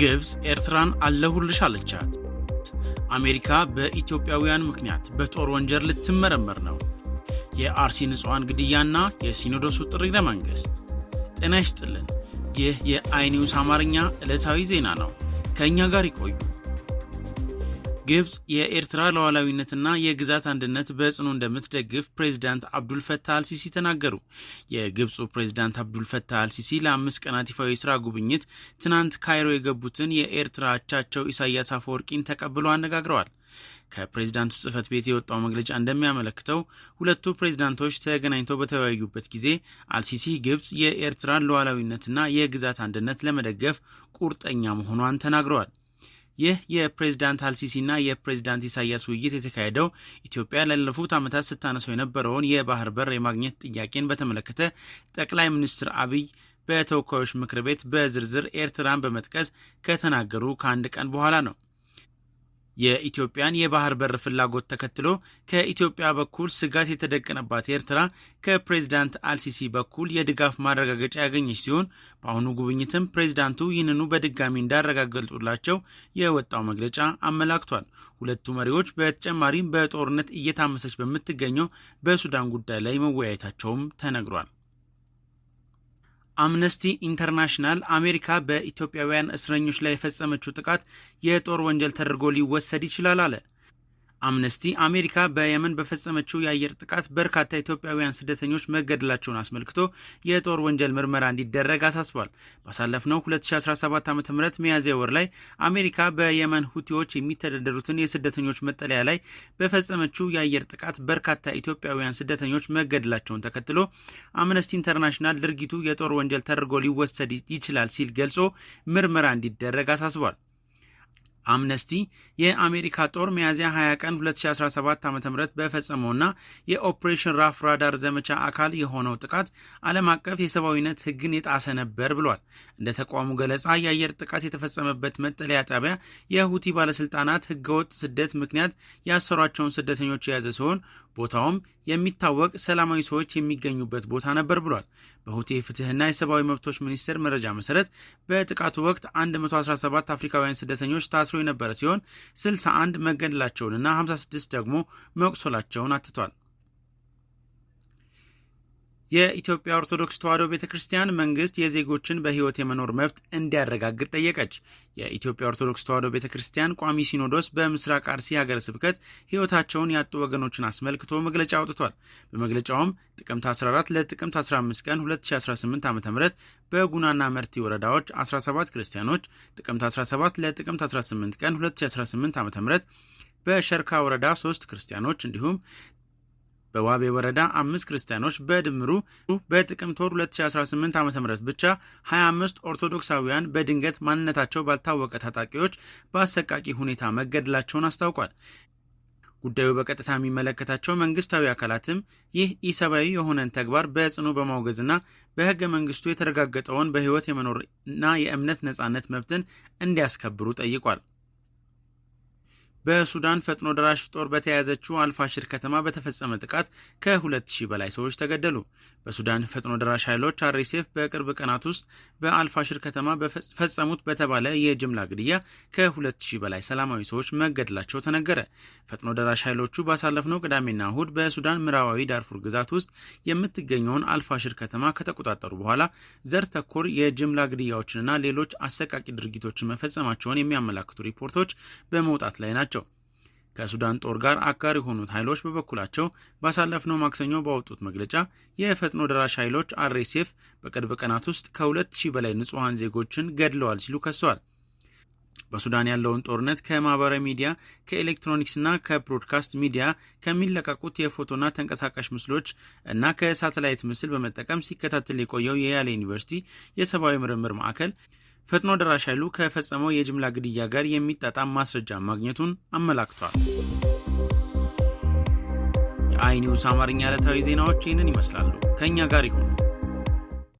ግብፅ ኤርትራን አለሁልሽ አለቻት። አሜሪካ በኢትዮጵያውያን ምክንያት በጦር ወንጀል ልትመረመር ነው። የአርሲ ንጹሐን ግድያና የሲኖዶሱ ጥሪ ለመንግሥት። ጤና ይስጥልን። ይህ የአይኒውስ አማርኛ ዕለታዊ ዜና ነው። ከእኛ ጋር ይቆዩ። ግብጽ የኤርትራ ሉዓላዊነትና የግዛት አንድነት በጽኑ እንደምትደግፍ ፕሬዚዳንት አብዱልፈታህ አልሲሲ ተናገሩ። የግብፁ ፕሬዚዳንት አብዱልፈታህ አልሲሲ ለአምስት ቀናት ይፋዊ የስራ ጉብኝት ትናንት ካይሮ የገቡትን የኤርትራ አቻቸው ኢሳያስ አፈወርቂን ተቀብለው አነጋግረዋል። ከፕሬዚዳንቱ ጽህፈት ቤት የወጣው መግለጫ እንደሚያመለክተው ሁለቱ ፕሬዚዳንቶች ተገናኝተው በተወያዩበት ጊዜ አልሲሲ ግብጽ የኤርትራን ሉዓላዊነትና የግዛት አንድነት ለመደገፍ ቁርጠኛ መሆኗን ተናግረዋል። ይህ የፕሬዝዳንት አልሲሲና የፕሬዝዳንት ኢሳያስ ውይይት የተካሄደው ኢትዮጵያ ላለፉት ዓመታት ስታነሰው የነበረውን የባህር በር የማግኘት ጥያቄን በተመለከተ ጠቅላይ ሚኒስትር አብይ በተወካዮች ምክር ቤት በዝርዝር ኤርትራን በመጥቀስ ከተናገሩ ከአንድ ቀን በኋላ ነው። የኢትዮጵያን የባህር በር ፍላጎት ተከትሎ ከኢትዮጵያ በኩል ስጋት የተደቀነባት ኤርትራ ከፕሬዚዳንት አልሲሲ በኩል የድጋፍ ማረጋገጫ ያገኘች ሲሆን በአሁኑ ጉብኝትም ፕሬዚዳንቱ ይህንኑ በድጋሚ እንዳረጋገጡላቸው የወጣው መግለጫ አመላክቷል። ሁለቱ መሪዎች በተጨማሪም በጦርነት እየታመሰች በምትገኘው በሱዳን ጉዳይ ላይ መወያየታቸውም ተነግሯል። አምነስቲ ኢንተርናሽናል አሜሪካ በኢትዮጵያውያን እስረኞች ላይ የፈጸመችው ጥቃት የጦር ወንጀል ተደርጎ ሊወሰድ ይችላል አለ። አምነስቲ አሜሪካ በየመን በፈጸመችው የአየር ጥቃት በርካታ ኢትዮጵያውያን ስደተኞች መገደላቸውን አስመልክቶ የጦር ወንጀል ምርመራ እንዲደረግ አሳስቧል። ባሳለፍነው 2017 ዓ ም ሚያዝያ ወር ላይ አሜሪካ በየመን ሁቲዎች የሚተዳደሩትን የስደተኞች መጠለያ ላይ በፈጸመችው የአየር ጥቃት በርካታ ኢትዮጵያውያን ስደተኞች መገደላቸውን ተከትሎ አምነስቲ ኢንተርናሽናል ድርጊቱ የጦር ወንጀል ተደርጎ ሊወሰድ ይችላል ሲል ገልጾ ምርመራ እንዲደረግ አሳስቧል። አምነስቲ የአሜሪካ ጦር ሚያዝያ 20 ቀን 2017 ዓ ም በፈጸመውና የኦፕሬሽን ራፍ ራዳር ዘመቻ አካል የሆነው ጥቃት ዓለም አቀፍ የሰብአዊነት ሕግን የጣሰ ነበር ብሏል። እንደ ተቋሙ ገለጻ የአየር ጥቃት የተፈጸመበት መጠለያ ጣቢያ የሁቲ ባለስልጣናት ሕገወጥ ስደት ምክንያት ያሰሯቸውን ስደተኞች የያዘ ሲሆን ቦታውም የሚታወቅ ሰላማዊ ሰዎች የሚገኙበት ቦታ ነበር ብሏል። በሁቲ የፍትህና የሰብአዊ መብቶች ሚኒስቴር መረጃ መሰረት በጥቃቱ ወቅት 117 አፍሪካውያን ስደተኞች ታስ ታስሮ የነበረ ሲሆን 61 መገደላቸውንና 56 ደግሞ መቁሰላቸውን አትቷል። የኢትዮጵያ ኦርቶዶክስ ተዋሕዶ ቤተ ክርስቲያን መንግስት የዜጎችን በሕይወት የመኖር መብት እንዲያረጋግጥ ጠየቀች። የኢትዮጵያ ኦርቶዶክስ ተዋሕዶ ቤተ ክርስቲያን ቋሚ ሲኖዶስ በምስራቅ አርሲ ሀገረ ስብከት ሕይወታቸውን ያጡ ወገኖችን አስመልክቶ መግለጫ አውጥቷል። በመግለጫውም ጥቅምት 14 ለጥቅምት 15 ቀን 2018 ዓ ም በጉናና መርቲ ወረዳዎች 17 ክርስቲያኖች፣ ጥቅምት 17 ለጥቅምት 18 ቀን 2018 ዓ ም በሸርካ ወረዳ ሶስት ክርስቲያኖች እንዲሁም በዋቤ ወረዳ አምስት ክርስቲያኖች በድምሩ በጥቅምት ወር 2018 ዓ ም ብቻ 25 ኦርቶዶክሳውያን በድንገት ማንነታቸው ባልታወቀ ታጣቂዎች በአሰቃቂ ሁኔታ መገደላቸውን አስታውቋል። ጉዳዩ በቀጥታ የሚመለከታቸው መንግስታዊ አካላትም ይህ ኢሰብአዊ የሆነን ተግባር በጽኑ በማውገዝና በህገ መንግስቱ የተረጋገጠውን በህይወት የመኖርና የእምነት ነጻነት መብትን እንዲያስከብሩ ጠይቋል። በሱዳን ፈጥኖ ደራሽ ጦር በተያያዘችው አልፋሽር ከተማ በተፈጸመ ጥቃት ከ 2000 ሺህ በላይ ሰዎች ተገደሉ። በሱዳን ፈጥኖ ደራሽ ኃይሎች አሬሴፍ በቅርብ ቀናት ውስጥ በአልፋሽር ከተማ በፈጸሙት በተባለ የጅምላ ግድያ ከ 2000 በላይ ሰላማዊ ሰዎች መገደላቸው ተነገረ። ፈጥኖ ደራሽ ኃይሎቹ ባሳለፍነው ቅዳሜና እሁድ በሱዳን ምዕራባዊ ዳርፉር ግዛት ውስጥ የምትገኘውን አልፋሽር ከተማ ከተቆጣጠሩ በኋላ ዘር ተኮር የጅምላ ግድያዎችንና ሌሎች አሰቃቂ ድርጊቶችን መፈጸማቸውን የሚያመላክቱ ሪፖርቶች በመውጣት ላይ ናቸው። ከሱዳን ጦር ጋር አጋር የሆኑት ኃይሎች በበኩላቸው ባሳለፍነው ማክሰኞ ባወጡት መግለጫ የፈጥኖ ደራሽ ኃይሎች አርኤስኤፍ በቅርብ ቀናት ውስጥ ከሁለት ሺህ በላይ ንጹሐን ዜጎችን ገድለዋል ሲሉ ከሰዋል። በሱዳን ያለውን ጦርነት ከማህበራዊ ሚዲያ፣ ከኤሌክትሮኒክስና ከብሮድካስት ሚዲያ ከሚለቀቁት የፎቶና ተንቀሳቃሽ ምስሎች እና ከሳተላይት ምስል በመጠቀም ሲከታተል የቆየው የያሌ ዩኒቨርሲቲ የሰብአዊ ምርምር ማዕከል ፈጥኖ ደራሽ ኃይሉ ከፈጸመው የጅምላ ግድያ ጋር የሚጣጣም ማስረጃ ማግኘቱን አመላክቷል። የአይኒውስ አማርኛ ዕለታዊ ዜናዎች ይህንን ይመስላሉ። ከእኛ ጋር ይሁን።